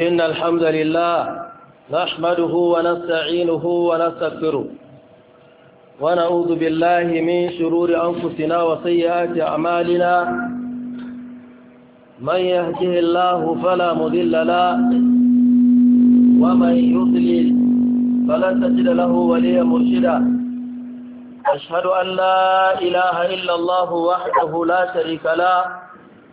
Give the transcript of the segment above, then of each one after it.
إن الحمد لله نحمده ونستعينه ونستغفره ونعوذ بالله من شرور أنفسنا وسيئات أعمالنا من يهده الله فلا مذل له ومن يضلل فلا تجد له وليا مرشدا أشهد أن لا إله إلا الله وحده لا شريك له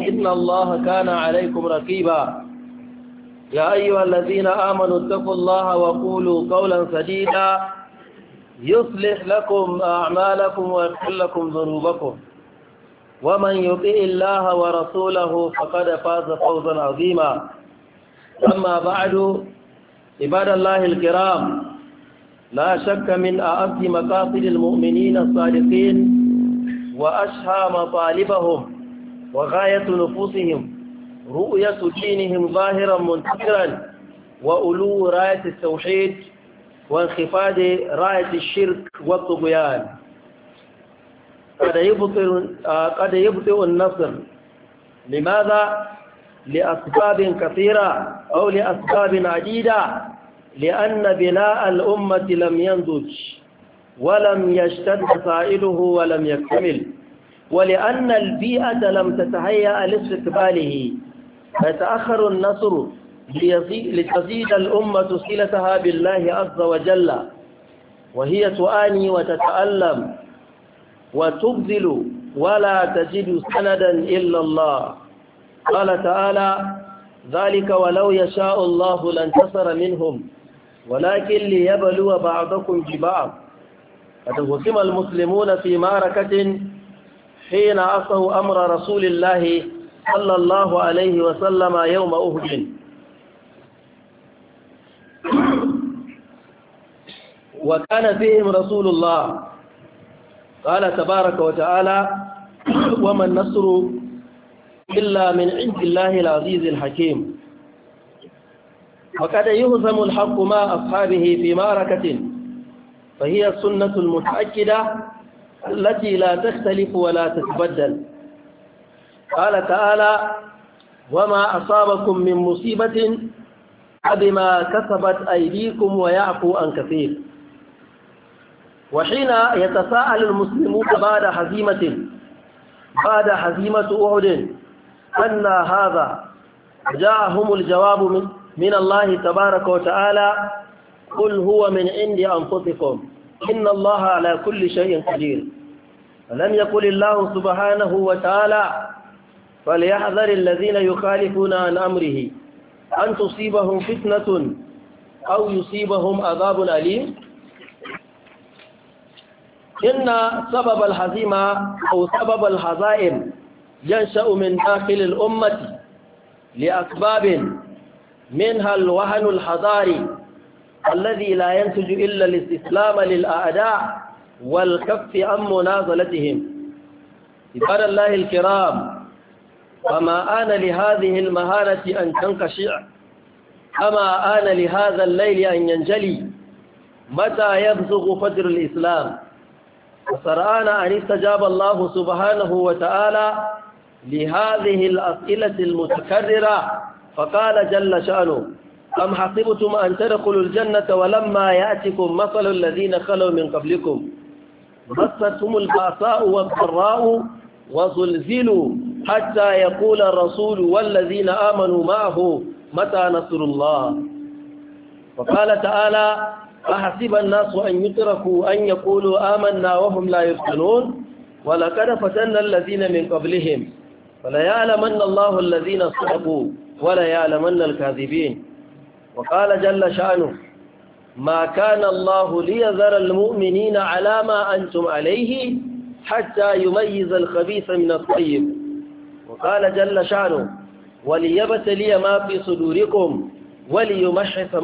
إن الله كان عليكم رقيبا يا أيها الذين آمنوا اتقوا الله وقولوا قولا سديدا يصلح لكم أعمالكم ويغفر لكم ذنوبكم ومن يطع الله ورسوله فقد فاز فوزا عظيما أما بعد عباد الله الكرام لا شك من أعز مقاصد المؤمنين الصادقين وأشهى مطالبهم وغاية نفوسهم رؤية دينهم ظاهرا منتشرا وألو راية التوحيد وانخفاض راية الشرك والطغيان قد يبطئ قد يبطئ النصر لماذا لأسباب كثيرة أو لأسباب عديدة لأن بناء الأمة لم ينضج ولم يشتد سائله ولم يكتمل ولأن البيئة لم تتهيأ لاستقباله فيتأخر النصر لتزيد الأمة صلتها بالله عز وجل وهي تعاني وتتألم وتبذل ولا تجد سندا إلا الله قال تعالى ذلك ولو يشاء الله لانتصر منهم ولكن ليبلو بعضكم ببعض فتقسم المسلمون في معركة حين عصوا أمر رسول الله صلى الله عليه وسلم يوم أهد وكان فيهم رسول الله قال تبارك وتعالى وما النصر إلا من عند الله العزيز الحكيم وقد يهزم الحق مع أصحابه في معركة فهي السنة المتأكدة التي لا تختلف ولا تتبدل قال تعالى وما أصابكم من مصيبة بما كسبت أيديكم ويعفو عن كثير وحين يتساءل المسلمون بعد هزيمة بعد هزيمة أعد أن هذا جاءهم الجواب من الله تبارك وتعالى قل هو من عند أنفسكم إن الله على كل شيء قدير ولم يقل الله سبحانه وتعالى فليحذر الذين يخالفون عن أمره أن تصيبهم فتنة أو يصيبهم عذاب أليم إن سبب الحزيمة أو سبب الحزائم ينشأ من داخل الأمة لأسباب منها الوهن الحضاري الذي لا ينتج إلا الاستسلام للأعداء والكف عن منازلتهم عباد الله الكرام فما آن لهذه المهانة أن تنقشع أما آن لهذا الليل أن ينجلي متى يبزغ فجر الإسلام وسرآن أن استجاب الله سبحانه وتعالى لهذه الأسئلة المتكررة فقال جل شأنه am hasibtum an tadkhulul jannata wa lamma ya'tikum mathalul ladina khalu min qablikum masatumul ba'sa'u wa dharra'u wa zulzilu hatta yaqula ar-rasul wal ladina amanu ma'ahu mata nasrullah wa qala ta'ala ahasiba an-nasu an yutraku an yaqulu amanna wa hum la yaftanun wa laqad fatanna alladhina min qablihim fala ya'lamanna allahu alladhina sahabu wa la ya'lamanna al-kadhibin وقال جل شأنه ما كان الله ليذر المؤمنين على ما أنتم عليه حتى يميز الخبيث من الطيب وقال جل شأنه وليبتلي ما في صدوركم وليمحص